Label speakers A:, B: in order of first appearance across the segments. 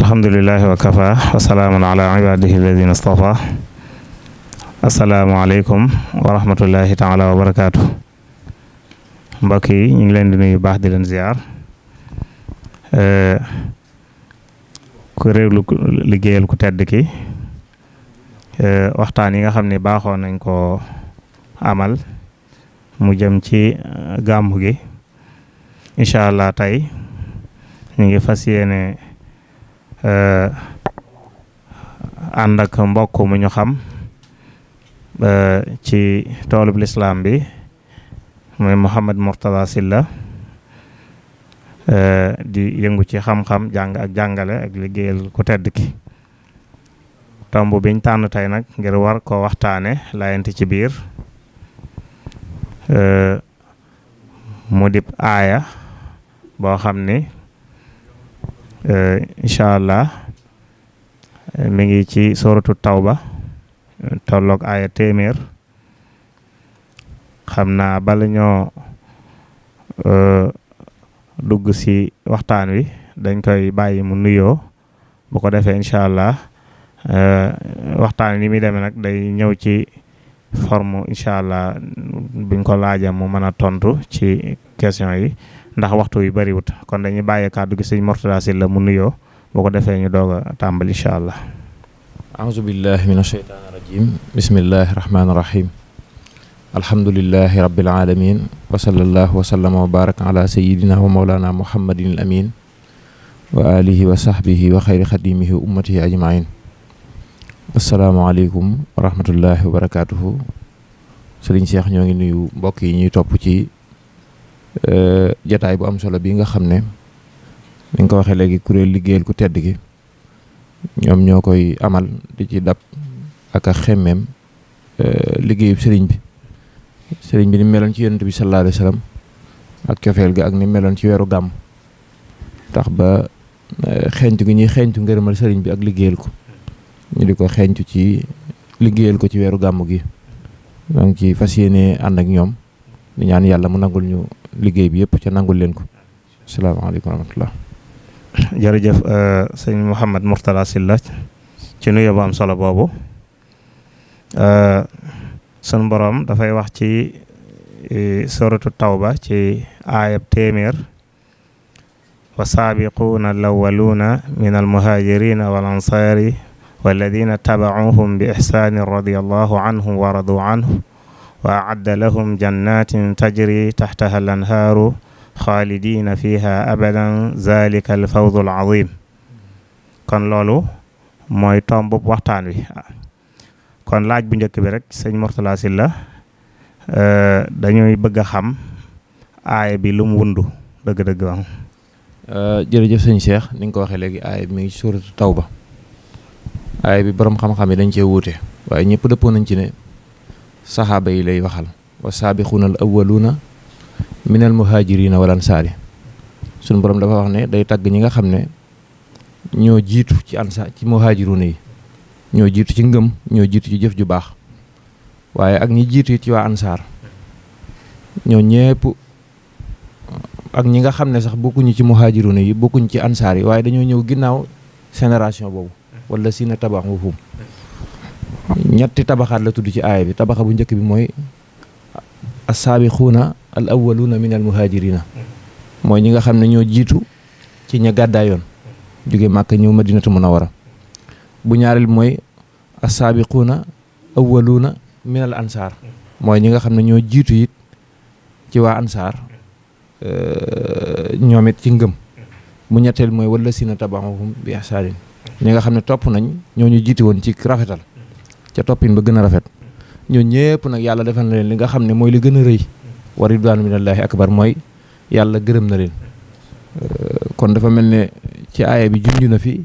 A: alhamdulilahi wa kafa na salaamun ala ibadihi alladina istafa asalaamualeykum wa rahmatullahi taala wa barakaatu mbokk yi ñu ngi leen di nuyu baax di leen ziar eh, ku réewlu liggéeyal ku tedd ki eh, waxtaan yi nga xam ne baaxoo nañ ko amal mu jëm ci eh, gàmmu gi incha allah tey ñu ngi fas yéene Eh, ànd ak mbokk mu ñu xam eh, ci toolub lislaam bi mooy Mouhamed Mourtada Silla eh, di yëngu ci xam-xam jàng ak jàngale ak liggéeyal ku tedd ki tomb biñ tànn tey nag ngir war ko waxtaane layante ci biir mu dib aaya boo xam ni Eh, incha allah eh, mi ngi ci sooratu tawba eh, tolloog aaya téeméer xam naa bala ñoo dugg si waxtaan wi dañ koy bàyyi mu nuyoo bu ko defee incha allah waxtaan ni muy demee nag day ñëw ci forme incha allah buñ ko laajee mu mën a tontu ci question yi. ndax waxtu yu bariwut kon dañuy bàyyi kàddu gi sëñ Mourtada Sylla mu nuyoo boo
B: defee ñu doog a tàmbali incha allah aouzu billahi min asheytaan irajim bismillahi rahmaani rahim alhamdulilahi rabbil alamin wa sallallahu wa sallama wa wa maulana muhammadin al amin wa wa sahbihi wa xayri xadimihi ñoo ngi nuyu mbokk yi ñuy topp ci Euh, jataay bu am solo bii nga xam ne ni nga ko waxee léegi kuréel liggéeyal ko tedd gi ñoom ñoo koy amal di ci dab ak a xemmeem euh, liggéeyub sëriñ bi sëriñ bi ni meloon ci yonent bi sallallahu alayhi ak cofeel gi ak ni meloon ci weeru gàmm tax ba euh, xeeñtu gi ñuy xeeñtu ngërëmal sëriñ bi ak liggéeyal ko ñu di ko xeeñtu ci liggéeyal ko ci weeru gàmm gi donc ci fas yéene ànd ak ñoom di ñaan yàlla mu nangul ñu liggéey bi yëpp ca nangul leen ko asalaamaaleykum wa rahmatullah
A: jërëjëf euh, sëñ Mouhamed Mourtala Sylla ci nuyu bu am solo boobu euh, sun borom dafay wax ci e, suratu tawba ci aayab téeméer wa saabiquuna alawaluuna min almuhaajirina wal ansaari walladina tabacuuhum bi ixsaanin radiallahu anhum wa radu anhu wa acadda lahum jannatin tajri taxtaha al anhaaru xaalidiina fiha abadan zalika al fawzu al azim kon loolu mooy tomb waxtaan wi kon laaj bu njëkk bi rek sëñ Mourtala Sylla euh, dañuy bëgg a xam aaya
B: bi lu mu wundu dëgg-dëgg am euh, jërëjëf sëñ Cheikh ni nga ko waxee léegi aaya bi mi ngi ci bi boroom xam-xam yi dañ cee wuute waaye ñëpp dëppoo nañ ci ne saxaaba yi lay waxal wa saabiquuna al awaluuna min al muhaajirina wal ansaari suñu borom dafa wax ne day tagg ñi nga xam ne ñoo jiitu ci ansa ci muhaajiruna yi ñoo jiitu ci ngëm ñoo jiitu ci jëf ju baax waaye ak ñi jiitu ci waa ansaar ñoo ñépp ak ñi nga xam ne sax bokkuñu ci muhaajiruna yi bokkuñu ci ansaar yi waaye dañoo ñëw ginnaaw génération boobu wala si na tabax ñetti tabaxaat la tudd ci aaya bi tabaxa bu njëkk bi mooy assaabiquuna al awwaluuna min al muhaajirina mooy ñi nga xam ne ñoo jiitu ci ña gàddaayoon jóge màkk ñëw madinatu munawara bu ñaareel mooy assaabiquuna awwaluuna min al ansaar mooy ñi nga xam ne ñoo jiitu it ci waa ansaar euh, ñoomit ci ngëm bu ñetteel mooy wala sina tabaxahum bi ihsaanin ñi nga xam ne topp nañ ñoo ñu jiiti woon ci rafetal ca ba gën a rafet ñoo ñëpp nag yàlla defal na leen li nga xam ne mooy li gën a rëy wa ridwaanu minallaahi akbar mooy yàlla gërëm na leen euh, kon dafa mel ne ci aaya bi junj na fi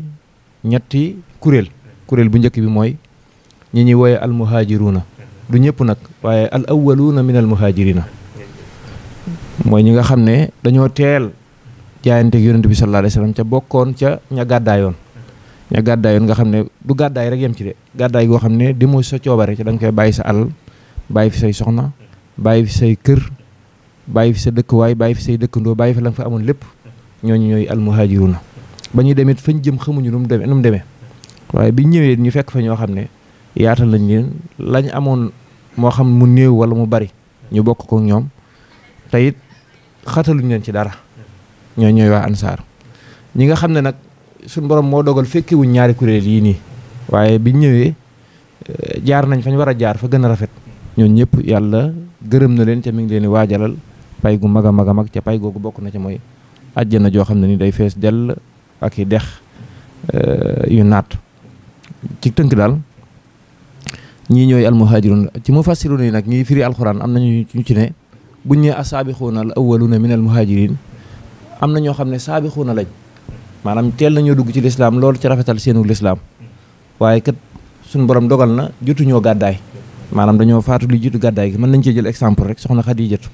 B: ñetti kuréel kuréel bu njëkk bi mooy ñi ñuy wooye almuhaajiruuna du ñëpp nag waaye al awaluuna min almuhaajirina mooy ñi nga xam ne dañoo teel jaayanteeg yonent bi sallallaahu alayhi ca bokkoon ca ña gàddaayoon ña gàddaayoon nga xam ne du gàddaay rek yem ci de gàddaay goo xam ne di mooy sa coobare ci da nga koy bàyyi sa alal bàyyi fi say soxna bàyyi fi say kër bàyyi fi sa dëkkuwaay bàyyi fi say dëkkandoo bàyyi fi la nga amoon lépp ñooñu ñooy almuhaajiruuna ba ñuy demit fañ jëm xamuñu nu mu demee nu mu demee waaye bi ñëwee ñu fekk fa ñoo xam ne yaatal nañ leen lañ amoon moo xam mu néew wala mu bari ñu bokk kook ñoom te it xataluñ leen ci dara ñoo ñooy waa ansaar ñi nga xam ne nag suñu borom moo dogal fekke ñaari kuréel yii nii waaye biñ ñëwee eh, jaar nañ fañ war a jaar fa gën a rafet ñoon ñëpp yàlla gërëm na leen ca mi ngi leen di waajalal pay gu mag a mag a mag ca pay googu bokk na ca mooy àjjana joo xam ne ni day fees dell ak i dex eh, yu naat ci tënk daal ñii ñooy almuhaajiruun ci mufassiruun yi nag ñuy firi alxuraan am nañu ñu ci ne buñ ñee asaabiquuna al awwaluuna min almuhaajiriin am na ñoo xam ne saabi saabixuuna lañ maanaam teel nañoo dugg ci lislaam loolu ci rafetal seenu lislaam waaye kat suñu borom dogal na jotuñoo gàddaay maanaam dañoo faatu lu jiitu gàddaay gi mën nañ cee jël exemple rek soxna xadijatu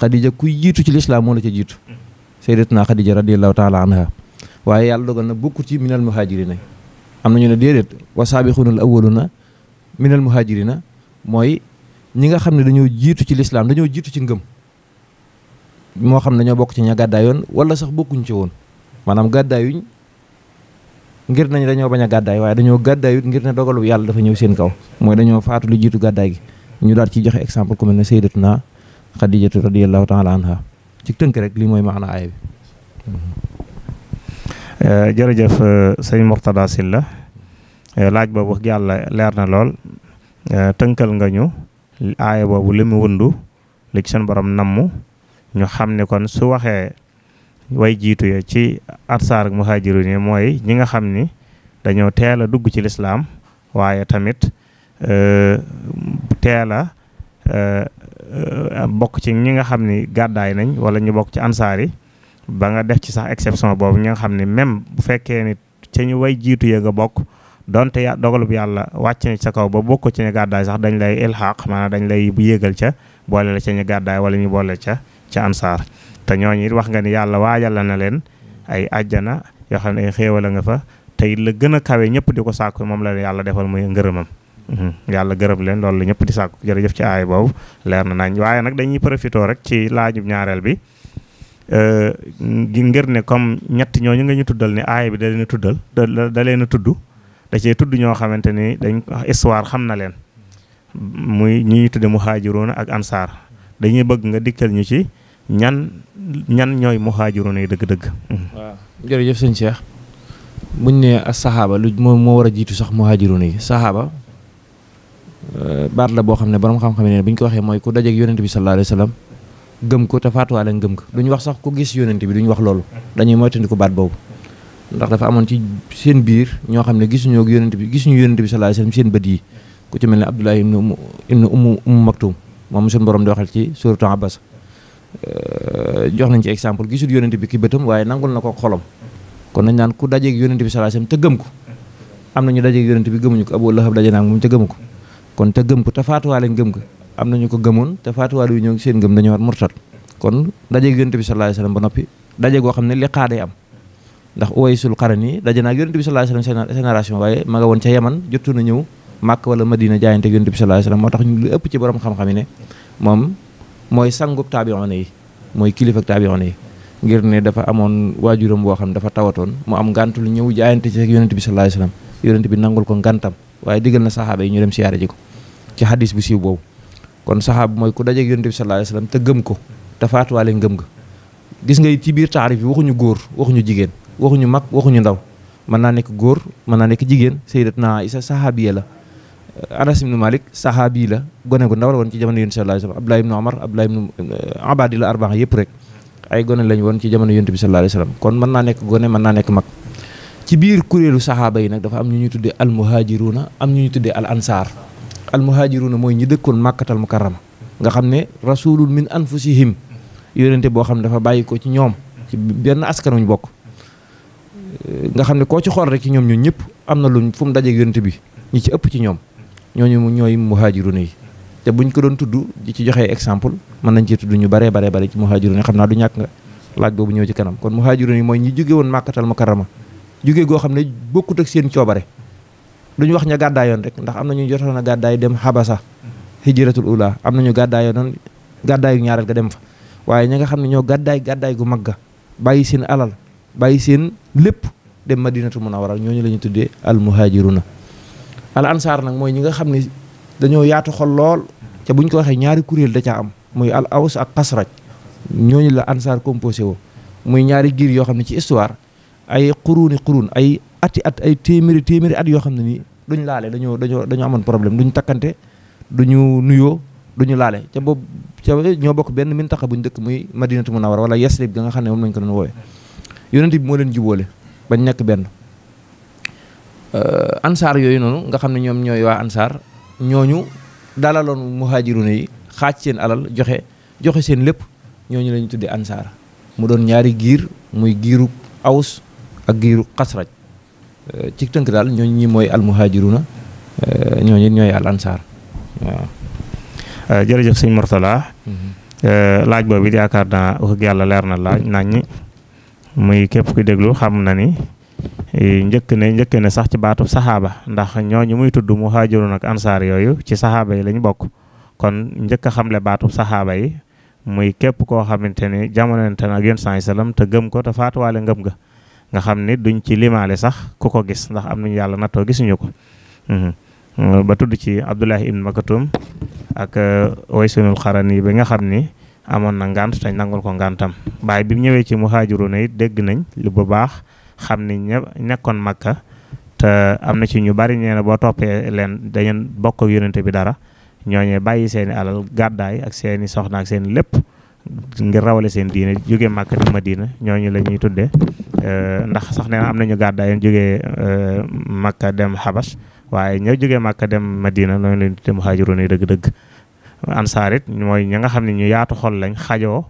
B: xadija ku jiitu ci lislaam moo la ca jiitu naa xadija radiallahu taala anha waaye yàlla dogal na bokku ci minal muhajirina am nañu ne déedéet wa na awwaluna minal muhajirina mooy ñi nga xam ne dañoo jiitu ci lislaam dañoo jiitu ci ngëm moo xam ne bokk ci ña gàddaayoon wala sax bokkuñ ci woon maanaam gàddaayuñ ngir nañ dañoo bañ a gàddaay waaye dañoo gàddaayut ngir ne dogalu yàlla dafa ñëw seen kaw mooy dañoo faatu lu jiitu gàddaay gi ñu daal ci joxe exemple ku mel ne sayyidatuna xadijatu radiyallahu taala anha ci tënk rek li mooy maana aaya bi eh,
A: jërëjëf eh, sëñ Mourtada la eh, laaj boobu yàlla leer na lool tënkal nga ñu aaya boobu li mu wundu li seen borom namm ñu xam ne kon su waxee way jiitu ya ci ansaar ak muhaajiruun yi mooy ñi nga xam ni dañoo teel a dugg ci lislaam waaye tamit eh, teel a eh, bokk ci ñi nga xam ni gàddaay nañ wala ñu bokk ci ansaar yi ba nga def ci sax exception boobu ñi nga xam ni même bu fekkee nit ca ñu way jiitu ya nga bokk donte ya dogalub yàlla wàcc na sa kaw ba bokk ci ñu gàddaay sax dañ lay ilxaq maanaam dañ lay bu yéegal ca boole la ca ñu gàddaay wala ñu boole ca ca ansaar te ñooñu wax nga ni yàlla waajal na leen ay ajjana yoo xam ne ay xéewal nga fa tey it la gën a kawe ñëpp di ko sàkku moom la yàlla defal muy ngërëmam mhm. yàlla gërëm leen loolu la ñëpp di sàkku jërëjëf ci aay boobu leer na nañ waaye nag dañuy profitoo rek ci laajub ñaareel bi ngir ne comme ñett ñooñu nga ñu tuddal ne aay bi da leen a tuddal da leen a tudd da cee tudd ñoo xamante ni dañ histoire xam na leen muy ñi ñu tudde muhaajiroon ak ansaar dañuy bëgg nga dikkal ñu ci ñan
B: ñan ñooy muhaajiroon yi dëgg-dëgg. waaw jërëjëf sëñ Cheikh buñ ne as saxaaba lu moo moo war a jiitu sax mu muhaajiroon yi saxaaba euh, baat la boo xam ne borom xam-xam ne buñ ko waxee mooy ku dajeeg yonent bi sallallahu alayhi wa sallam gëm ko te faatuwaale gëm ko duñ wax sax ku gis yonent bi duñ wax loolu dañuy moytandiku baat boobu. ndax dafa amoon ci seen biir ñoo xam ne gisuñu ak yonent bi gisuñu yonent bi sallallahu alayhi wa seen bët yi ku ci mel ne Abdullahi ibnu umm, ibnu Ummu Ummu Maktum moom suñu borom di waxal ci suuratu Abbas jox nañ ci exemple gisul yonent bi ki bëtam waaye nangul na ko xolam kon nañ naan ku dajeeg yonent bi sallallahu alayhi wasallam te gëm ko am nañu dajeeg yonent bi gëmuñu ko Abu Lahab daje naa moom te gëmu ko kon te gëm gëm ko am nañu ko gëmoon te faatuwaale yu ñëw seen gëm dañu war murtat kon dajeeg yonent bi sallallahu alayhi ba noppi daje goo xam ne li xaaday am ndax Uwaysul Qarni daje naa ak yonent bi sallallahu alayhi wasallam génération waaye ma nga woon ca Yaman jotu na ñëw Màkk wala Madina jaayante ak yonent bi sallallahu moo tax ñu ëpp ci borom xam-xam yi ne moom mooy sangu sangub taabiyoona yi mooy kilifa taabiyoona yi ngir ne dafa amoon waajuram boo xam dafa tawatoon mu am ngàntul ñëw jaayante ci yonent bi sallallahu alayhi yonent bi nangul ko ngàntam waaye digal na saxaaba yi ñu dem siyaare ji ko ci xadis bu siiw boobu kon saxaaba mooy ku dajeeg yonent bi sallallahu alayhi wasallam te gëm ko te faatuwaale ngëm nga gis nga ci biir taarif bi waxuñu góor waxuñu jigéen waxuñu mag waxuñu ndaw mën naa nekk góor mën naa nekk jigéen sayyidatna Isa saxaabiya la Euh, Anas ibnu Malik saxaabi la gone gu ndaw la woon ci jamono yonent bi sallallahu alayhi wasallam Abdullah ibnu Omar Abdullah ibnu euh, abadi la arbaa yëpp rek ay gone lañ woon ci jamono yonent bi sallallahu alayhi wasallam kon mën naa nekk gone mën naa mag ci biir kuréelu saxaaba yi nag dafa am ñu ñuy tuddee al muhaajiruuna am ñu ñuy tuddee al ansaar al muhaajiruuna mooy ñi dëkkoon màkkatal mukarrama nga xam ne rasulun min anfusihim yonente boo xam ne dafa bàyyi ko ci ñoom ci benn askan wuñ bokk euh, nga xam ne koo ci xool rek ci ñoom ñun ñëpp am na luñ fu mu dajeeg bi ñi ci ëpp ci ñoom ñoo ñooñu ñooy muhaajiruna yi te buñ ko doon tudd di ci joxe exemple mën nañ ci tudd ñu baree baree bare ci muhaajiruna xam naa du ñàkk nga laaj boobu ñëw ci kanam kon muhaajiruna yi mooy ñi jóge woon màkkatal mukarrama jóge goo xam ne bokkut ak seen coobare duñu wax ña gàddaayoon rek ndax am na ñu jotoon na gàddaay dem xabasa hijratul ula am na nañu gàddaayoon gàddaayu ñaareel ga dem fa waaye ñi nga xam ne ñoo gàddaay gàddaay gu mag ga bàyyi seen alal bàyyi seen lépp dem madinatu munawwara ñooñu la ñu tuddee al muhaajiruna al ansaar nag mooy ñi nga xam ni dañoo yaatu xol lool ca buñ ko waxee ñaari kuréel da caa am muy al aws ak xasraj ñooñu la ansaar composé woo muy ñaari giir yoo xam ne ci histoire ay quruuni quruun ay ati at ay téeméeri téeméeri at yoo xam ne nii duñ laale dañoo dañoo dañoo amoon problème duñ takkante duñu nuyoo duñu laale ca boobu ca ñoo bokk benn mintaqa buñ dëkk muy madinatu munawwara wala yasrib ga nga xam ne moom lañ ko doon woowee yonent bi moo leen jubóole bañ nekk benn Euh, ansaar yooyu noonu nga xam ne ñoom ñooy waa ansaar ñooñu dalaloon muhajiruna yi xaaj seen alal joxe joxe seen lépp ñooñu la ñu tuddee ansaar mu doon ñaari giir muy giiru awus ak giiru xasraj euh, ci tënk daal ñooñu ñi mooy al muhajiruna euh, ñooñu ñooy al ansaar waaw. jërëjëf sëñ Mourtala mhm. laaj boobu it yaakaar naa wax yàlla leer
A: na laaj nañ ñi muy képp ku déglu xam na ni Eh, njëkk ne njëkk na sax ci baatub saxaaba ndax ñooñu muy tudd muhaajirun ak ansaar yooyu ci saxaaba yi lañ bokk kon njëkk a xamle baatub saxaaba yi muy képp koo xamante ni jamonante na ak yonent saa te gëm ko te faatuwaale ngëm ga nga xam ni duñ ci limaale sax ku ko gis ndax am nañu yàlla nattoo gisuñu ko mhm. euh, ba tudd ci Abdullahi ibn Makatum ak Waysunul euh, Xarani bi nga xam ni amoon na ngànt te nangul ko ngantam baay bi ñëwee ci muhaajiruna yi dégg nañ li bu xam ni ña nekkoon Makka te am na ci ñu bari ñee ne boo toppee leen dañu bokk ak yonente bi dara ñooñee bàyyi seen i alal gàddaay ak seeni i soxna ak seen lépp ngir rawale seen diine jóge Makka di Madina ñooñu la ñuy tuddee euh, ndax sax nee na am nañu gàddaay jógee euh, Makka dem Xabas waaye ñoo jóge Makka dem Madina noonu la ñuy tuddee muhaajiroon yi dëgg-dëgg ansaar it mooy ña nga xam ne ñu yaatu xol lañ xajoo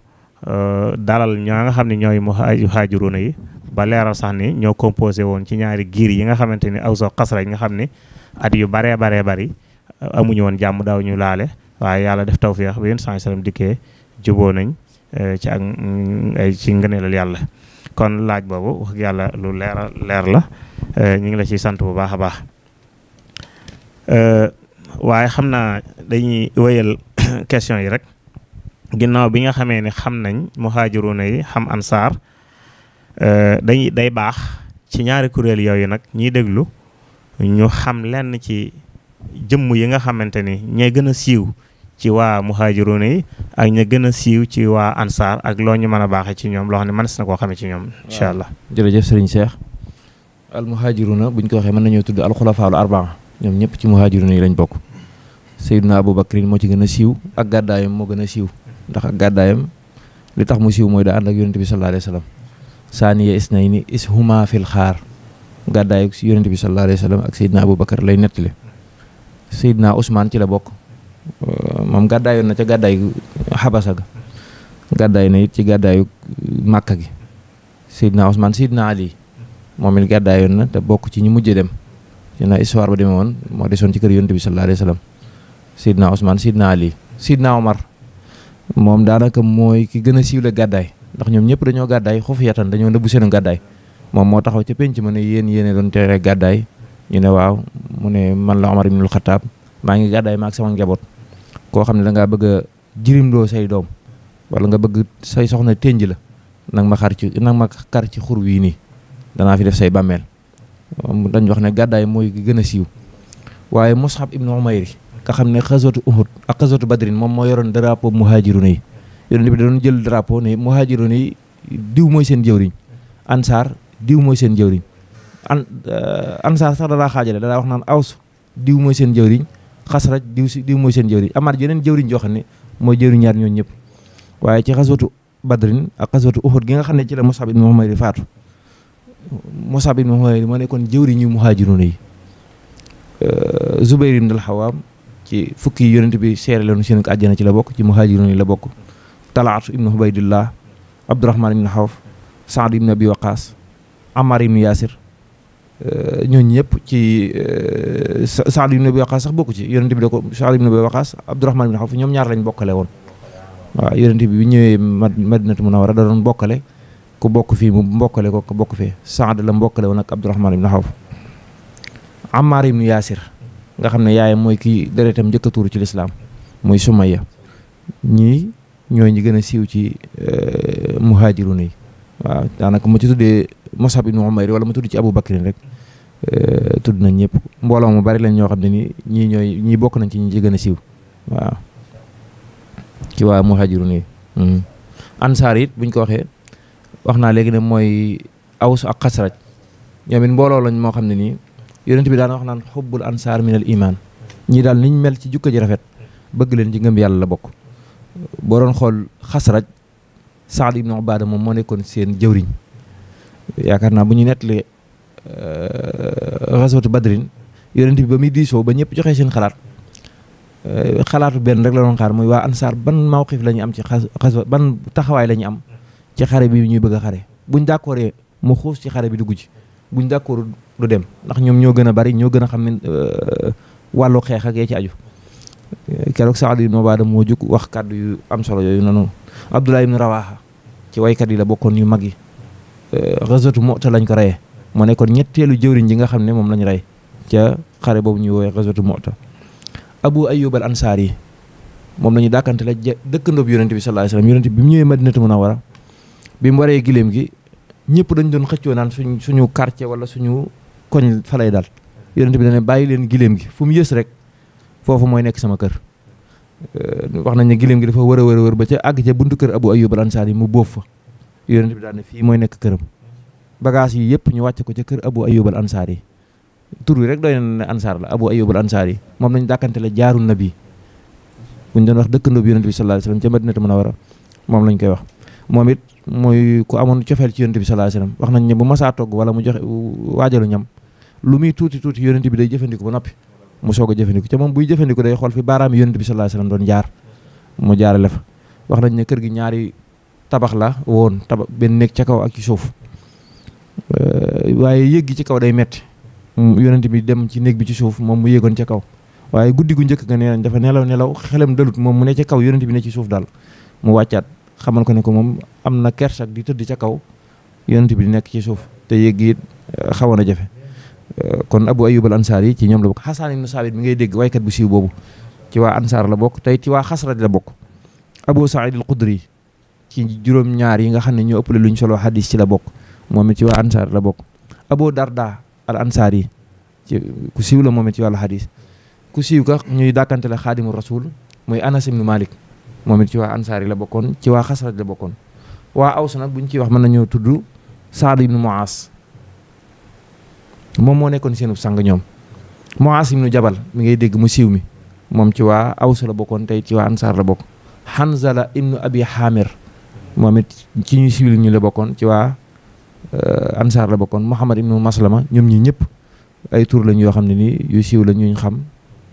A: euh, dalal ñaa nga xam ne ñooy muhaajiroon yi ba leeral sax ni ñoo composé woon ci ñaari giir yi nga xamante ni aw soo xasra yi nga xam ne at yu baree baree bari uh, amuñu woon jàmm daaw ñu laale waaye yàlla def tawfeex bi yéen saa salaam dikkee juboo nañ uh, ci ak mm, ay ci yàlla kon laaj boobu yàlla lu leer leer la uh, ñu ngi la ciy sant bu baax a baax waaye xam naa dañuy wéyal question yi rek ginnaaw bi nga xamee ni xam nañ muhaajiruna yi xam ansaar Euh, dañ day baax ci ñaari kuréel yooyu nag ñiy déglu ñu xam lenn ci jëmm yi nga xamante ni ñay gën a siiw ci waa muhaajiruna yi ak ña gën a siiw ci waa ansaar ak loo ñu mën a baax baaxee
B: ci ñoom loo xam man mënees na koo xamee ci ñoom incha allah jërëjëf sëriñ Cheikh al muhaajiruna buñ ko waxee mën nañoo tudd al xulafaa al arbaa ñoom ñëpp ci muhaajiruna yi lañ bokk Seydina Abu Bakrin moo ci gën a siiw ak gàddaayam moo gën a siiw ndax ak gàddaayam li tax mu siiw mooy daa ànd ak yonente bi sallallahu alayhi wa saaniya isnayni is fil xaar gàddaayu yonente bi sallallahu alayhi wa sallam lay nettali Seydina ci la bokk euh, moom gàddaayoon na ca gàddaayu gàddaay na it ci gàddaayu màkka gi Seydina Ousmane Seydina Ali moom it gàddaayoon na te bokk ci ñu mujj dem na histoire ba demee woon moo desoon ci kër yonente bi sallallahu alayhi wa sallam Seydina Ousmane Seydina Ali Seydina Omar moom daanaka mooy ki gën a siiw gàddaay ndax ñoom ñëpp dañoo gàddaay xoofu yatan dañoo nëbbu seenu gàddaay moom moo taxaw ca penc ma ne yéen yéene doon tere gàddaay ñu ne waaw mu ne man la Omar ibnul Xataab maa ngi gàddaay maag sama njaboot koo xam ne da ngaa bëgg a say doom wala nga bëgg say soxna ténj la nag ma xar ci nag ma kar ci xur wii nii danaa fi def say bàmmeel dañ wax ne gàddaay mooy gën a siiw waaye Mus'ab ibnu Umayr nga xam ne xasootu Uhud ak xasootu Badrin moom moo yoroon drapeau muhaajiruna yi yonent bi doon jël drapeau ne muhaajiroon yi diw mooy seen jëwriñ ansaar diw mooy seen jëwriñ an eh, ansaar sax dalaa xaajale dalaa wax naan aws diw mooy seen jëwriñ xasraj diw si diw mooy seen jëwriñ amaat yeneen jëwriñ joo xam ne mooy jëwriñ ñaar ñooñu ñëpp waaye ci xaswatu badrin ak xaswatu uhud gi nga xam ne ci la Musab ibn Umayr di faatu Musab ibn Umayr moo nekkoon jëwriñ yu muhaajiroon yi eh, Zubayr ibn al-Xawaam ci fukki yonent bi seere leen seen àjjana ci la bokk ci muhaajiroon yi la bokk talaat ibnu hubaydillah abdurahman ibnu xawf saad ibnu abi waqaas amar ibnu yaasir euh, ñooñu ñëpp ci euh, saad ibnu abi waqaas sax bokk ci yonent bi da ko saad ibnu abi waqaas abdurahman ñoom ñaar lañ bokkale woon waaw yonent bi bi ñëwee madinatu munawara da doon bokkale ku bokk fii mu mbokkale ko ku bokk fee saad la mbokkale woon ak abdurahman ibnu xawf amar ibnu yaasir nga xam ne yaayam mooy kii deretam njëkk a ci lislaam mooy sumaya ñooy ñi gën a siiw ci euh, muhaajirun yi waaw daanaka ma ci tuddee Musab ibn Umayr wala ma tudd ci Abu Bakrin rek euh, tudd nañ ñëpp mbooloo mu bari lañ ñoo xam ne nii ñii ñooy ñii bokk nañ ci ñi ci gën a siiw waaw ci waa muhaajirun yi mhm. ansaar it buñ ko waxee wax naa léegi ne mooy aws ak xasraj ñoom mbooloo lañ moo xam ne nii yonent bi daana wax naan xubbul ansaar min al imaan ñii daal niñ mel ci jukka ji rafet bëgg leen ci ngëm yàlla la bokk boo doon xool xasraj Saad ibn Ubaada moom moo nekkoon seen jëwriñ yaakaar naa bu ñu nettali xaswatu euh, badrin yonent bi ba muy diisoo ba ñëpp joxee seen xalaat euh, xalaatu benn rek la doon xaar muy waa ansaar ban mawqif la ñu am ci xas ban taxawaay lañu am ci xare bi ñuy bëgg a xare buñ d'accordee mu xuus ci xare bi dugg ci buñ d'accord du dem ndax ñoom ñoo gën a bari ñoo gën a xam ne euh, wàllu xeex ak ci aju keroog Saad ibn Ubaada moo jóg wax kàddu yu am solo yooyu noonu Abdullah ibn Rawaha ci waykat yi la bokkoon yu mag yi eh, Ghazwatu Mu'ta lañ ko reyee moo nekkoon ñetteelu jëwriñ ji nga xam ne moom lañ rey ca xare boobu ñuy woowee Ghazwatu Mu'ta Abu Ayyub al-Ansari moom la ñu dàkkante la dëkkandoo bi yonente bi sallallahu alayhi wasallam yonente bi mu ñëwee Madinatu Munawwara bi mu waree giléem gi ñëpp dañ doon xëccoo naan suñ suñu quartier wala suñu koñ fa daal yonente bi dañ ne bàyyi leen giléem gi fu mu yës rek foofu mooy nekk sama kër euh, wax nañ ne giléem gi dafa wër a wër a wër ba ca àgg ca buntu kër Abu Ayyub ansaar ansari mu bóof fa yonent bi daal fii mooy nekk këram bagage yi yëpp ñu wàcce ko ca kër Abu Ayyub ansaar ansari tur wi rek doy na ne ansaar la Abu Ayyub al-Ansari moom lañu dàkkante la jaaru nabi bu ñu doon wax dëkkandoo bi yonent bi sallallahu alayhi wasallam ca Madinatu moom lañ koy wax moom it mooy ku amoon cofeel ci yonent bi sallallahu alayhi wax nañ ne bu masaa togg wala mu joxe waajalu ñam lu muy tuuti tuuti yonent bi day jëfandiku noppi mu soog a jëfandiku ca moom buy jëfandiku day xool fi baaraam yonent bi sallallahu alayhi wasallam doon jaar mu jaarale wax nañ ne kër gi ñaari tabax la woon tabax benn néeg ca kaw ak ci suuf euh, waaye yéeg gi ci kaw day metti yonent bi dem ci néeg bi ci suuf moom mu yéegoon ca kaw waaye guddi gu njëkk nga nee nañ dafa nelaw nelaw xelam dalut moom mu ne ca kaw yonent bi ne ci suuf daal mu wàccaat xamal ko ne ko moom am na kersak di tëdd ca kaw yonent bi di nekk ci suuf te yéeg gi euh, xawoon a jafe kon abu ayub al ansaar yi ci ñoom la bokk xasaan ibnu saabit mi ngay dégg waykat bu siiw boobu ci waa ansaar la bokk tey ci waa xasraj la bokk abu saïd al xudri ci juróom-ñaar yi nga xam ne ñoo lu luñ solo xadis ci la bokk moom it ci waa ansaar la bokk abu darda al yi ci ku la moom ci wàllu xadis ku ñuy dàkkante la xaadimu rasul muy anas ibnu malik moom it ci waa ansaar la bokkoon ci waa xasraj la bokkoon waa aws nag buñ ciy wax mën nañoo tudd saad ibnu muaas moom moo nekkoon seenu sang ñoom Muaas ibnu Jabal mi ngay dégg mu siiw mi moom ci waa Aws la bokkoon tey ci waa Ansaar la bokk Hanzala ibnu Abi Hamir moom it ci ñu siiw ñu la bokkoon ci waa euh, Ansaar la bokkoon Muhammad ibnu Maslama ñoom ñi ñëpp ay tur lañ yoo xam ne nii yu siiw la ñuñ xam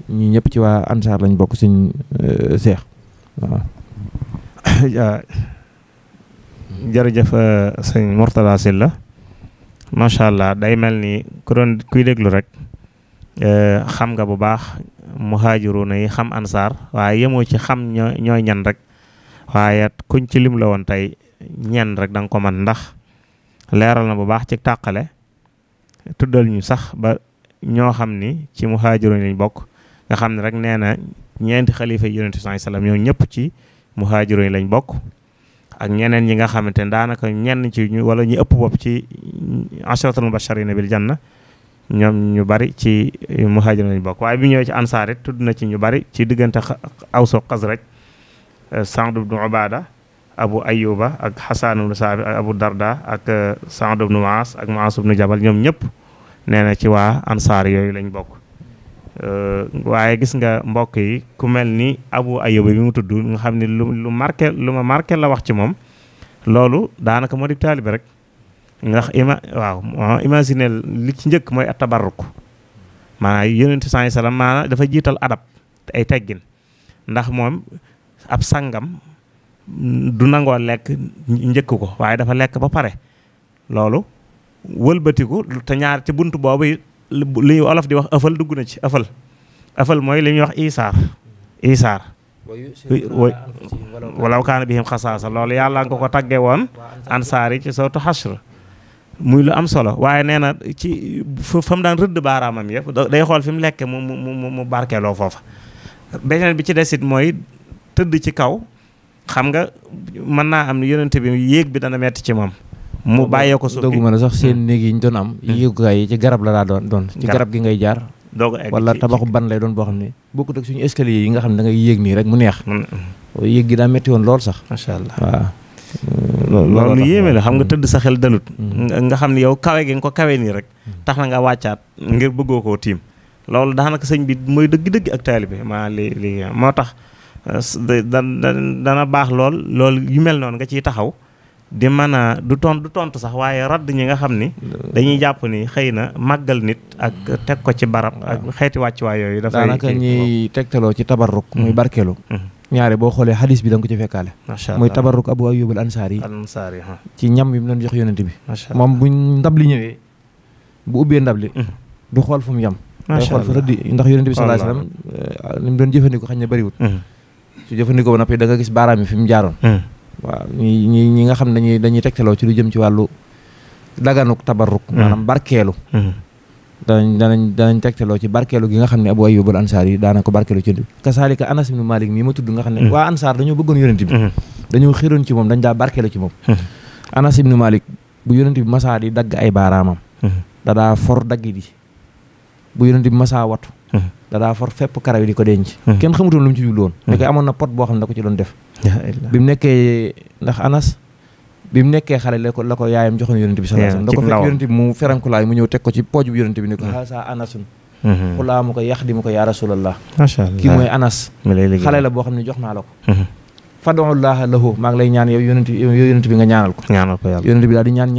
B: ñi ñëpp ci waa Ansaar lañ bokk suñ euh, seex waaw
A: jërëjëf euh, sëñ Mourtala la macha allah day mel ni ku doon kuy déglu rek eh, xam nga bu baax muhaajiruna yi xam ansaar waaye yemoo ci xam ñoo ñooy ñan rek waaye kuñ ci lim la woon tey ñan rek da nga ko man ndax leeral na bu baax ci tàqale tuddal ñu sax ba ñoo xam ni ci mu muhaajiruna lañ bokk nga xam ne rek nee na ñeenti xalifa yi yonent bi sallallahu alayhi wasallam ñoo ñëpp ci muhaajiruna lañ bokk ak ñeneen ñi nga xamante ne daanaka ñenn ci ñu wala ñu ëpp bopp ci ashratul mubashirina bil janna ñoom ñu bari ci muhaajir lañ bokk waaye bi ñëwee ci ansaar tudd na ci ñu bari ci diggante Aws ak Xasraj eh, Saad ibnu Ubaada Abu Ayyuba ak Xasaan ibnu Abu Darda ak eh, Saad ibnu Maas ak Maas ibnu Jabal ñoom ñëpp nee na ci waa ansaar yooyu lañ bokk Euh, waaye gis nga mbokk yi ku mel ni abu ay ayuba bi mu tudd nga xam ne lu lu lu ma marke la wax ci moom loolu daanaka moo di taalibe rek ndax ima waaw imagine li ci njëkk mooy atabarruk maanaam yonent saa salaam dafa jiital adab ay teggin ndax moom ab sangam du nangoo lekk njëkk ko waaye dafa lekk ba pare loolu wëlbatiku te ñaar ci bunt boobu li olof di wax ëfal dugg na ci ëfal ëfal mooy li ñuy wax isaar isaar walaw kaana bihim xasaasa loolu yàlla nga ko tagge woon ansaar yi ci sawtu xashr muy lu am solo waaye nee na ci fa mu daan rëdd baaraamam yëpp day xool fi mu lekke mu mu mu barkeeloo foofa beneen bi ci desit mooy tëdd ci kaw xam nga mën naa am ni yonente bi yéeg bi dana metti
B: ci moom mu bàyyee ko suuf dogguma la sax seen hmm. néeg yi ñu doon am hmm. yéegukaay yi ci garab la daa doon doon ci garab gi ngay jaar doog a egg wala tabaxu ban lay doon boo xam ne bokkut ak suñu escalier yi nga xam ne da ngay yéeg nii rek mu neex hmm. yéeg gi daa metti woon lool sax macha allah waaw loolu lu yéeme la xam nga tëdd
A: sa xel dalut nga xam ne yow kawe gi nga ko kawe
B: nii rek tax na nga wàccaat ngir
A: bëggoo koo tiim loolu daanaka sëñ bi mooy dëgg-dëgg ak taalibe maa moo tax uh, dana baax lool loolu yu mel noonu nga ciy taxaw di mën a du ton du tontu sax waaye radd ñi nga xam ni. dañuy jàpp ni xëy na màggal nit ak teg ko ci barab. ak xeeti wàccuwaay yooyu. dafay daanaka ñuy
B: tegtaloo ci tabarruk. muy mhm. barkeelu. Mhm. ñaare boo xoolee xadis bi da ko ci fekkaale. macha allah muy tabarruk abu ayyub al ansaari. ansaari ci ñam yi mu doon jox yonent bi. moom bu ndab li ñëwee bu ubbee ndab li. Mhm. du xool fu mu yam. day xool fa rëdd ndax yonent bi sallallahu alayhi wasallam eh, doon jëfandikoo xañ na bariwul. su jëfandikoo ba noppi da nga gis baaraam yi fi mu jaaroon waaw ñi ñi nga xam ne dañuy dañuy tegtaloo ci lu jëm ci wàllu daganuk tabarruk hmm. maanaam barkeelu hmm. danañ danañ danañ tegteloo ci barkeelu gi nga xam ne abu ayyubul ansaar yi daanako ko barkeelu ci kasaalika anas ibnu malik mii ma tudd nga xam ne hmm. waa ansaar dañoo bëggoon yonent bi dañoo xiroon ci moom dañ daa barkeelu ci moom anas ibnu malik bu yonent bi masaa di dagg ay baaraamam da daa for dagg di bu yonent bi masaa watu da daa for fepp karaw di ko denc kenn xamutoon lu mu ci jublu woon pot boo xam ne da ko ci doon def bi mu nekkee ndax Anas bi mu nekkee xale la ko la ko yaayam joxoon yonent bi sallallahu alayhi wasallam da ko fekk yonent bi mu ferenkulaay mu ñëw teg ko ci pooj bi yonent bi ni ko xaasa mm-hmm. Anasun mm-hmm. xulaa mu ko yax di xale la boo xam ne jox naa la ko mm-hmm. fad'ullaha lahu maa ngi lay ñaan yow yonent yow yonent bi nga ñaanal ko ñaanal ko yàlla yonent bi daal di ñaan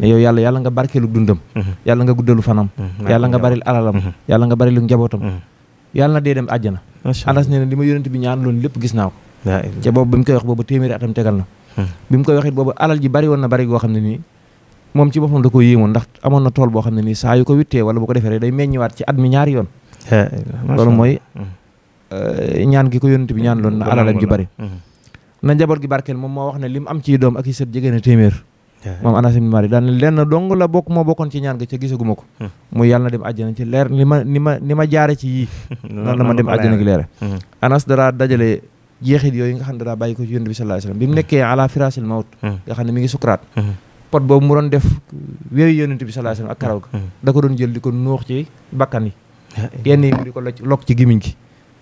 B: yàlla nga barkeelu dundam yàlla nga guddalu fanam yàlla nga baril alalam yàlla nga barilu njabootam yàlla na dee dem àjjana anas ne ne li ma yónent bi ñaan loolu lépp gis naa ko ca boobu bi mu koy wax boobu téeméeri atam tegal na hmm. bi mu koy wax it boobu alal ji bari woon na bari goo xam ne nii moom ci boppam da ko yéemoon ndax amoon na tool boo xam ne nii saa yu ko wittee wala bu ko defee day meññiwaat ci at mi ñaari yoon loolu mooy hmm. eh, ñaan gi ko yónent bi ñaan loon na alalam ji bari hmm. na njaboot gi barkeel moom moo wax ne li mu am ci doom ak na téeméer moom Anacim Mari daan lenn dong la bokk moo bokkoon ci ñaan ga ca gisaguma ko hmm. muy yàlla na dem àjjana ci leer ni ma ni ma ni ma jaare ci yii noonu la ma dem àjjana gi leere hmm. Anas dara dajale jeexit yooyu nga xam ne dara bàyyi ko ci yonent bi sallallahu alayhi wasallam bi mu hmm. nekkee ala firasil mawt nga xam ne mi ngi sukraat pot boobu mu doon def wéeyu yonent bi sallallahu alayhi wasallam ak karaw ga da ko doon jël di ko nuux ci bakkan yi eh. yenn yi mu di ko lokk ci gimiñ gi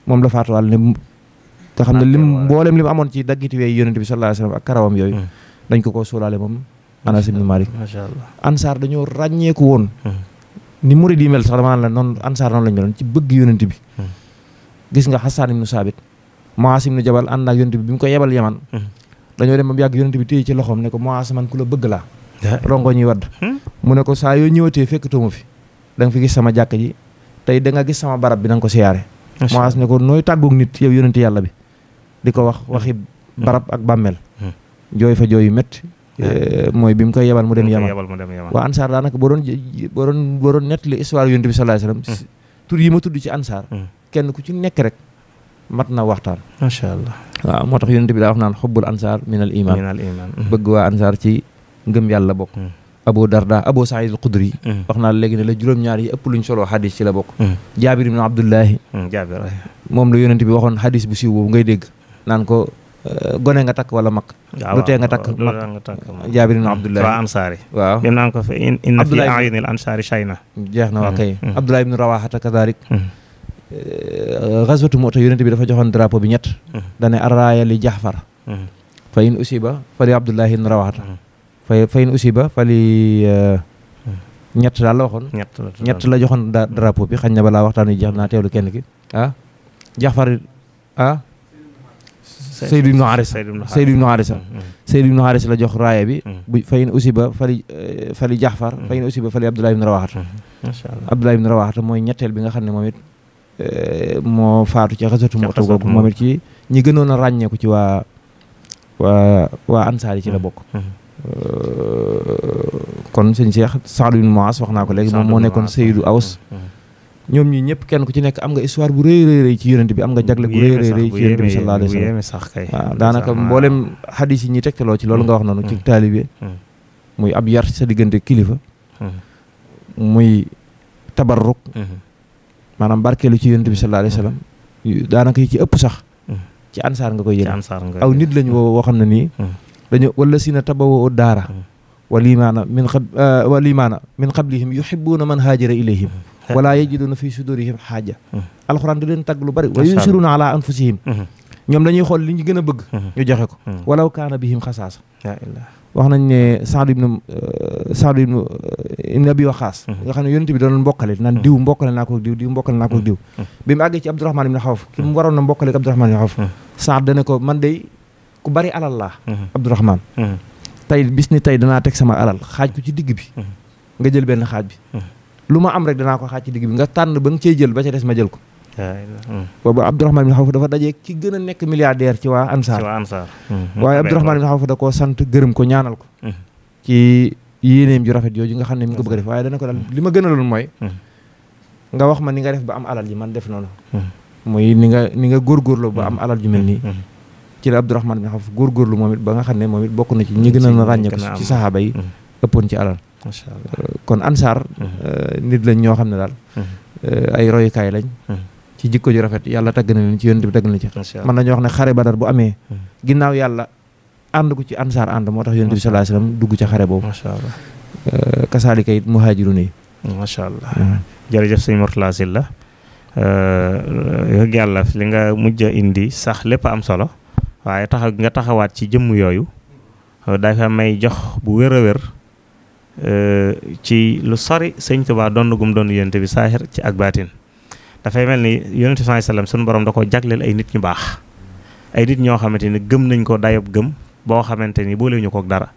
B: moom la faatuwàll ne
A: nga xam ne lim mboolem
B: li mu amoon ci daggiti wéeyu yonent bi sallallahu alayhi wasallam ak karawam yooyu dañ ko ko suulaale moom Anas ibn macha allah ansaar dañoo ràññeeku woon hmm. ni murid yi mel sax dama la noonu ansaar noonu lañ meloon ci bëgg yonent bi hmm. gis nga Xasaan ibn Saabit Muaas ibn Jabal ànd ak yonent bi bi mu ko yebal Yaman hmm. dañoo dem ba mu yàgg yonent bi téye ci loxoom ne ko Muaas man ko la bëgg laa rongo ñuy wadd mu ne ko saa yoo ñëwatee fekk toomu fi da fi gis sama jàkk ji tey da nga gis sama barab bi da ko siyaare Muaas ne ko nooy tàggoog nit yow yonent yàlla bi di ko wax waxi barab ak bàmmeel jooy fa Eh, mooy bi mu koy yebal mu dem yaman waa ansaar daanaka boo doon boo doon boo doon nettali histoire yonent bi sallallahu mm. yi ma tudd ci ansaar mm. kenn ku ci nekk rek mat na waxtaan macha allah moo tax yonent bi daa wax naan xubbul ansaar minal iman mm. bëgg waa ansaar ci ngëm yàlla bokk Abu Darda Abu Saïd al-Khudri wax naa léegi ne la juróom-ñaar yi ëpp luñ soloo xadis ci la bokk jaabir ibn abdullahi jaabir moom la yonent bi waxoon xadis bu siiw boobu ngay dégg naan ko Euh, gone nga takk wala mag. waaw lu tee nga takk mag jaabir ibn hmm. Abdullah ansaari waaw dem naa
A: jeex na waa kay hmm, hmm.
B: Abdullah ibn Rawaha euh, yonent bi dafa joxoon drapeau bi ñett dane a li Jaxfar fa in usiba fa li Abdullah ibn fa fa in usiba fa li euh, ñett daal la waxoon ñett la joxoon drapeau bi xañ na balaa waxtaan wi jeex naa teewlu kenn ki ah, ah? Seydou ibnu Haris Seydou ibnu Haris Seydou ibnu Haris mm, mm. la jox raaya bi mm. bu fayin usiba fali eh, fali Jaxfar fayin usiba fali Abdoulaye ibnu Rawaxata macha allah Abdoulaye ibnu Rawaxata mooy ñetteel bi nga xam ne moom it eh, moo faatu ci xasatu mu taw googu moom it ci ñi gënoon a ràññeeku ci waa waa waa ansaar yi ci la bokk eh, kon sëñ Cheikh Saadu ibnu Muas wax naa ko léegi moom moo nekkoon Seydou Aws ñoom ñi ñëpp kenn ku ci nekk am nga histoire bu rëy rëy ci yonent bi am nga jagle gu rëy rëy rëy ci yonent bi sax kay daanaka mboolem xadis yi ñi tegtaloo ci loolu nga wax na noonu ci mm. taalibe mm. muy ab yar sa diggante kilifa mm. muy tabarruk mm-hmm. maanaam barkeelu ci yonent bi sallallahu alayhi wasallam daanaka yi ci ëpp sax ci ansaar nga koy yëg aw nit lañu woo woo xam ne nii dañu wala si na tabawo daara walimaana min xa walimaana min qablihim yuhibbuna man haajara ilayhim wala yajiduna fi sudurihim xaaja mm-hmm. alxuraan di leen tagg lu bari wa yusiruna ala anfusihim mm-hmm. ñoom dañuy xool li ñu gën a bëgg mm-hmm. ñu joxe ko walaw kaana bihim xasaasa wax nañ ne Saad ibnu euh, Saad ibnu euh, ibnu Abi Waqaas nga xam ne yonent bi doon mbokkale naan diw mbokkale naa ko diw diw mbokkale naa ko diw bi mu àggee ci Abdourahmaan ibnu Xawf ki mu waroon na mbokkale ak Abdourahmaan ibnu Xawf Saad dana ko man day ku bari alal laa Abdourahmaan tey bis ni tey danaa teg sama alal xaaj ko ci digg bi nga jël benn xaaj bi lu ma am rek danaa ko xaaj ci digg bi nga tànn ba nga cey jël ba ca des ma jël ko.
A: Hmm.
B: boobu Abdourahmane bin Xawf dafa dajee ki gën a nekk milliardaire ci waa Ansaar. ci waa Ansaar. Hmm. Hmm. waaye Abdourahmane bin Xawf da koo sant gërëm ko ñaanal ko. ci yéeneem ju rafet yooyu nga xam ne mi ngi bëgg def waaye dana ko daal li ma gënaloon mooy. nga wax ma ni nga def ba am alal ji man def noonu. muy ni nga ni nga góor góorgóorlu ba am alal ju mel nii. ci la Abdourahmane bin Xawf góorgóorlu moom it ba nga xam ne moom it bokk na ci ñi gën a ràññeeku ci saxaaba yi ëppoon ci alal macha allah kon ansaar. Mhm. Euh, nit lañ ñoo xam ne daal. Mhm. Euh, ay royukaay lañ. Mhm. ci jikko ju rafet yàlla tagg na leen ci yonent bi tagg na ci. mën nañu wax ne xare badar bu amee. ginnaaw yàlla ànd ku ci ansaar ànd moo tax yonent bi sallallahu alayhi wasallam dugg ca xare boobu. macha allah euh, kasaalika it muhaajirun yi. macha allah
A: jërëjëf sëñ Mourtalla Sylla yëg yàlla li nga mujj indi sax lépp am solo waaye tax nga taxawaat ci jëmm yooyu dafay may jox bu wér wér. Euh, ci lu sori sëñ Tuubaa doon gum doon yonent bi saahir ci ak baatin dafay mel ni yonent bi sallallahu alayhi wasallam sunu borom da koo jagleel ay nit ñu baax ay nit ñoo xamante ni gëm nañ ko dayob gëm boo xamante ni boolewuñu kook dara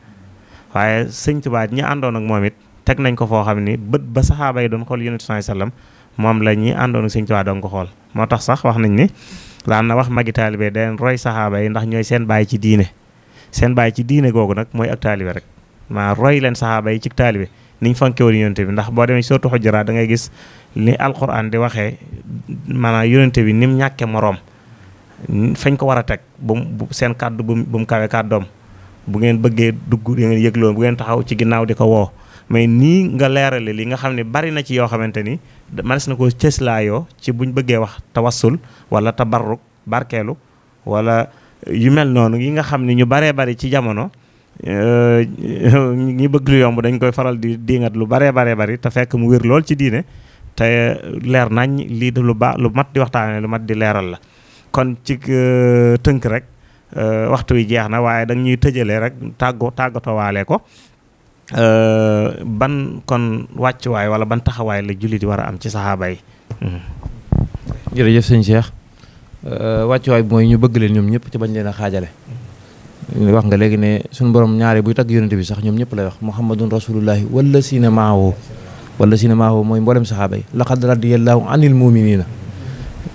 A: waaye sëñ Tuubaa ñi àndoon ak moom it teg nañ ko foo xam ni bët ba saxaaba yi doon xool yonent bi sallallahu alayhi moom la ñi àndoon ak sëñ Tuubaa doon ko xool moo tax sax wax nañ ni daan na wax magi taalibe den roy saxaaba yi ndax ñooy seen baay ci diine seen baay ci diine googu nag mooy ak taalibe rek maa roy leen saxaaba yi ci taalibe niñ fanke woon yonent bi ndax boo demee ci sourate Hujurat da ngay gis li alquran di waxee maanaam yoonte bi ni mu ñàkkee moroom fañ ko war a teg ba seen kàddu bu mu kawe kàddoom bu ngeen bëggee dugg da ngeen yëgloo bu ngeen taxaw ci ginnaaw di ko woo mais nii nga leerale li nga xam ne bari na ci yoo xamante ni manes na ko cëslaayoo ci buñ bëggee wax tawassul wala tabarruk barkeelu wala yu mel noonu yi nga xam ne ñu baree bari ci jamono ñi bëgg lu yomb dañ koy faral di diingat lu baree baree bari te fekk mu wér lool ci diine te leer nañ lii de lu ba lu mat di waxtaanee lu mat di leeral la kon ci euh, tënk rek euh, waxtu wi jeex na waaye dañ ñuy tëjalee rek tàggo tàggatoo waale ko euh, ban kon wàccuwaay wala ban taxawaay la jullit
B: yi war a am ci saxaaba yi. Hmm. jërëjëf sëñ Cheikh wàccuwaay bi mooy ñu bëgg leen ñoom ñëpp ci bañ leen a xaajale. wax nga léegi ne suñ borom ñaare buy tagg yonent bi sax ñoom ñëpp lay wax muhammadun rasulullahi wala sina maawo wala sina maawo mooy mboolem saxaaba yi laqad radiyallahu anil muminina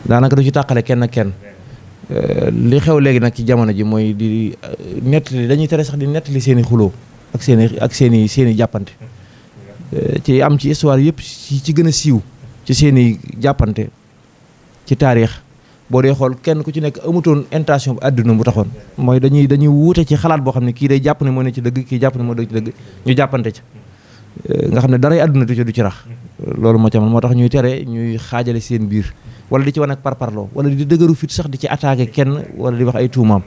B: daanaka du ci tàqale kenn ak kenn eh, li xew léegi nag ci jamono ji mooy di eh, nettali dañuy tere sax di nettali seen i xuloo ak seeni ak seen i jàppante eh, ci am ci histoire yëpp ci gën a siiw ci seen i jàppante ci taarix boo dee xool kenn ku ci nekk amutoon intation bu àdduna bu taxoon mooy dañuy dañuy wuute ci xalaat boo xam ne kii day jàpp ne moo ne ci dëgg kii jàpp ne moo ne ci dëgg ñu jàppante ca nga xam ne daray àdduna du ci du ci rax loolu moo ci moo tax ñuy tere ñuy xaajale seen biir wala di ci wan par parparloo wala di dëgëru fit sax di ci attaqué kenn wala di wax ay tuumaam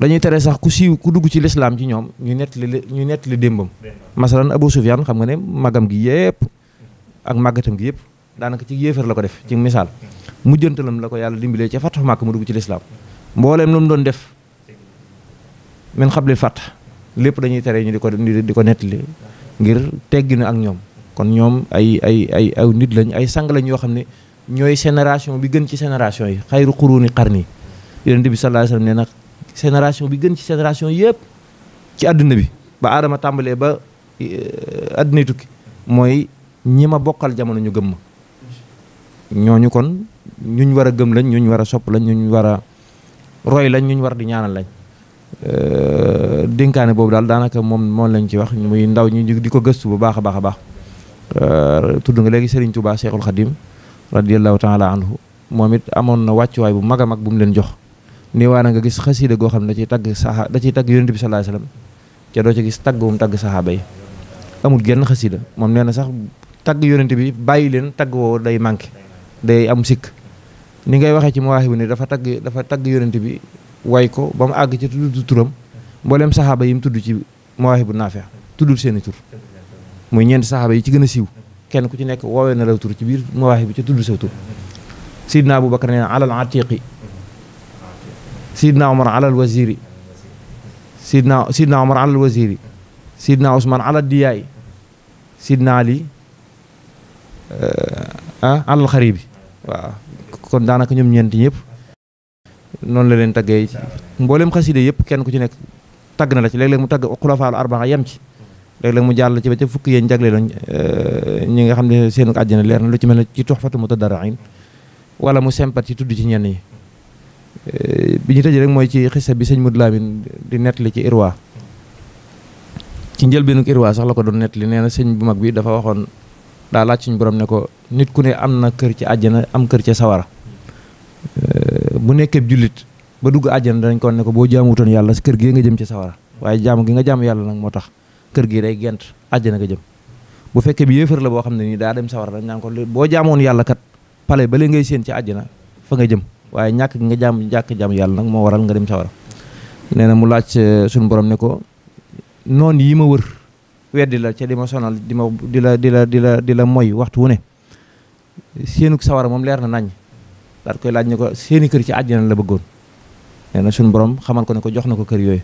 B: dañuy tere sax ku siiw ku dugg ci lislaam ci ñoom ñuy nettali ñu nettali démbam masalan Abu Sufyaan xam nga ne magam gi yëpp ak màggatam gi yëpp daanaka ci yéefar la ko def ci misaal mujjantalam la ko yàlla dimbalee ca fatax màkk mu dugg ci lislaam mbooleem lu mu doon def min xabli fat lépp dañuy tere ñu di ko di ko nettali ngir teggi na ak ñoom kon ñoom ay ay ay ay nit lañ ay sang lañ yoo xam ne ñooy génération bi gën ci génération yi xayru xuruuni xar yonent bi sallallahu alayhi wasallam nee na génération bi gën ci génération yëpp ci àddina bi ba aadama tàmbalee ba eh, àddunay tukki mooy ñi ma bokkal jamono ñu gëmma ñooñu kon ñuñ war a gëm lañ ñuñ war a sopp lañ ñuñ war a roy lañ ñuñ war di ñaanal lañ euh, dénkaane boobu daal daanaka moom moom lañ ci wax muy ndaw ñu di ko gëstu bu baax a baax a baax euh, tudd nga léegi Serigne Touba Cheikhul Khadim radiallahu taala anhu moom it amoon na wàccuwaay bu mag a mag bu mu leen jox nii waa na nga gis xasiida goo xam ne da ciy tagg saxa da ciy tagg yonent bi sallallahu alayhi wasallam ca doo ci gis tagg bu mu tagg saxaaba yi amul genn xasiida moom nee na sax tagg yonent bi bàyyi leen tagg woowu day manqué day am sikk ni ngay waxee ci mawaahibu ni dafa tagg dafa tagg yonent bi way ko ba mu àgg ci tudd turam mboolem saxaaba yi mu tudd ci mawaahibu naafia tuddul seen i tur muy ñeenti saxaaba yi ci gën a siiw kenn ku ci nekk woowee na la tur ci biir mawaahibu ca tudd sa tur sidna abou bakar nee na alal atiqi sidna omar alal waziri sidna sidna omar alal waziri sidna ousmane alal diyaay sidna ali ah alal xari bi waaw kon daanaka ñoom ñeenti ñëpp noonu la leen taggee mboolem xaside yëpp kenn ku ci nekk tagg na la ci léeg-léeg mu tagg xulafaalu arbaa yem ci léeg-léeg mu jàll ci ba ca fukki yéen jagle lañ euh, ñi nga xam lu ci mel ne ci tuxfatu mutadarrin wala mu sympathie tudd ci ñenn yi euh, bi ñu tëjee rek mooy ci xissa bi sëñ Modou Lamine di nettali ci Irwa ci njëlbeenu Irwa sax la ko doon nettali nee sëñ bu mag bi dafa waxoon daa laaj suñu borom ne ko nit ku ne am na kër ci àjjana am kër ca sawara euh, bu nekkee jullit ba dugg àjjana dañ koon ne ko boo jaamutoon yàlla si kër gi nga jëm ci sawara waaye jaam gi nga jaam yàlla nag moo tax kër gi day gent àjjana nga jëm bu fekkee bi yéefar la boo xam ne nii daa dem sawara dañ naan ko boo jaamoon yàlla kat pale bale ngay séen ci àjjana fa nga jëm waaye ñàkk gi nga jaam jàkk jaam yàlla nag moo waral nga dem sawara nee na mu laaj euh, suñ borom ne ko noon yi ma wër weddi la ca di ma sonal di ma di la di la di la di la moy waxtu wu ne seenug sawara moom leer na nañ daal koy laaj ne ko seeni kër ci àjjana la bëggoon nee na suñu borom xamal ko ne ko jox na ko kër yooyu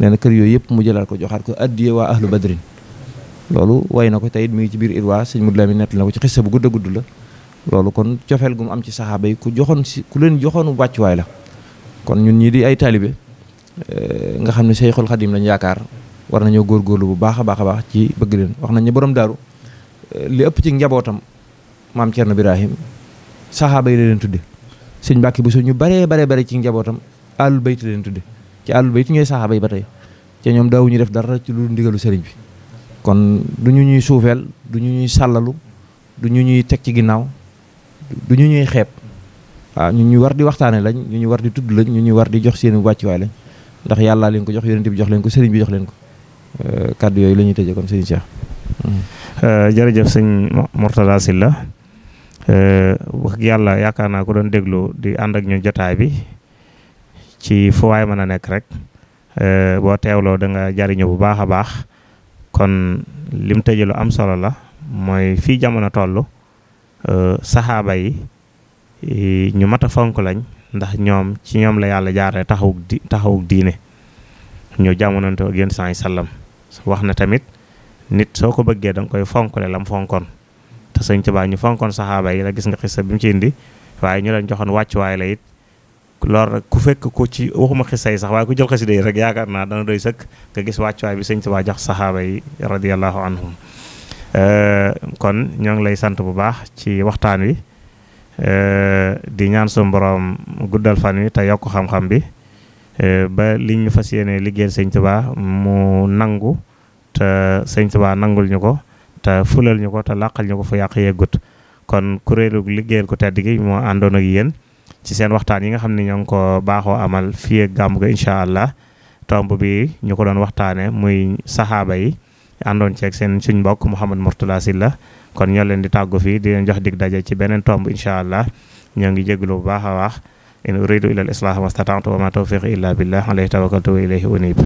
B: nee na kër yooyu yëpp mu jëlaat ko joxaat ko addiye waa ahlu badrin loolu way na ko te it mu ngi ci biir waa sëñ Modou mi nett na ko ci xissa bu gudd a gudd la loolu kon cofeel gu mu am ci saxaaba yi ku joxoon si ku leen joxoon wàccuwaay la kon ñun ñii di ay taalibe eh, nga xam ne Seyxul Xadim lañ yaakaar war nañoo góorlu bu baax a baax a baax ci bëgg leen wax nañ ne borom daaru eh, li ëpp ci njabootam maam Thierno Birahim saxaaba yi la leen tuddi sëñ Mbàkke bu ñu baree baree bare ci njabootam àllul bayt la leen tudde ci àllul bayt ñooy saxaaba yi ba tey te ñoom daawu ñu def dara ci lu ndigalu sëriñ bi kon du ñu ñuy suufeel du ñu ñuy sàllalu du ñu ñuy teg ci ginnaaw du ñu ñuy xeeb waaw ñu ñu war di waxtaane lañ ñu ñu war di tudd lañ ñu ñu war di jox seen wàccuwaay lañ ndax yàllaa leen ko jox yonent bi jox leen ko sëriñ bi jox leen ko Euh, kaddu yooyu la ñuy tëjee kon sëriñ Cheikh. Hmm. Euh, jërëjëf sëñ Mourtada Sylla
A: euh, wax yàlla yaakaar naa ko doon déglu di ànd ak ñu jotaay bi ci fu waay mën a nekk rek boo teewloo da nga jariñu bu baax a baax kon lim tëjee am solo la mooy fii jamono toll saxaaba yi ñu mat a fonk lañ ndax ñoom ci ñoom la yàlla jaaree taxawug di taxawug diine ñoo jamonante ak yéen saa sallam wax na tamit nit soo ko bëggee koy fonk koy la mu fonkoon te sëñ Tuubaa ñu fonkoon saxaaba yi la gis nga xissa bi mu ci indi waaye ñu leen joxoon wàccuwaay la it loolu ku fekk ko ci waxuma xissa sax waaye ku jël xasida yi rek yaakaar naa dana doy sëkk nga gis wàccuwaay bi sëñ Tuubaa jox saxaaba yi radiyallahu anhum kon ñoo ngi lay sant bu baax ci waxtaan wi di ñaan suñu borom guddal fan wi te yokk xam-xam bi Eh, ba li ñu fas yéene liggéeyal sëñ Tuubaa mu nangu te sëñ Tuubaa nangul ñu ko te fulal ñu ko te làqal ñu ko fu yàq yeggut kon kuréelu liggéeyal ko tedd moo àndoon ak yéen ci seen waxtaan yi nga xam ne ñoo ngi ko baaxoo amal fii ak gàmmu ga incha allah tomb bi ñu ko doon waxtaanee muy saxaaba yi andoon ceeg seen suñ mbokk Mouhamed Mourtala Sylla kon ñoo leen di tàggu fii di leen jox dig daje ci beneen tomb incha allah ñoo ngi jégalu baax a baax. in uridu ila al islaha mastata'tu wa ma tawfiqi illa billah alayhi tawakkaltu wa ilayhi unib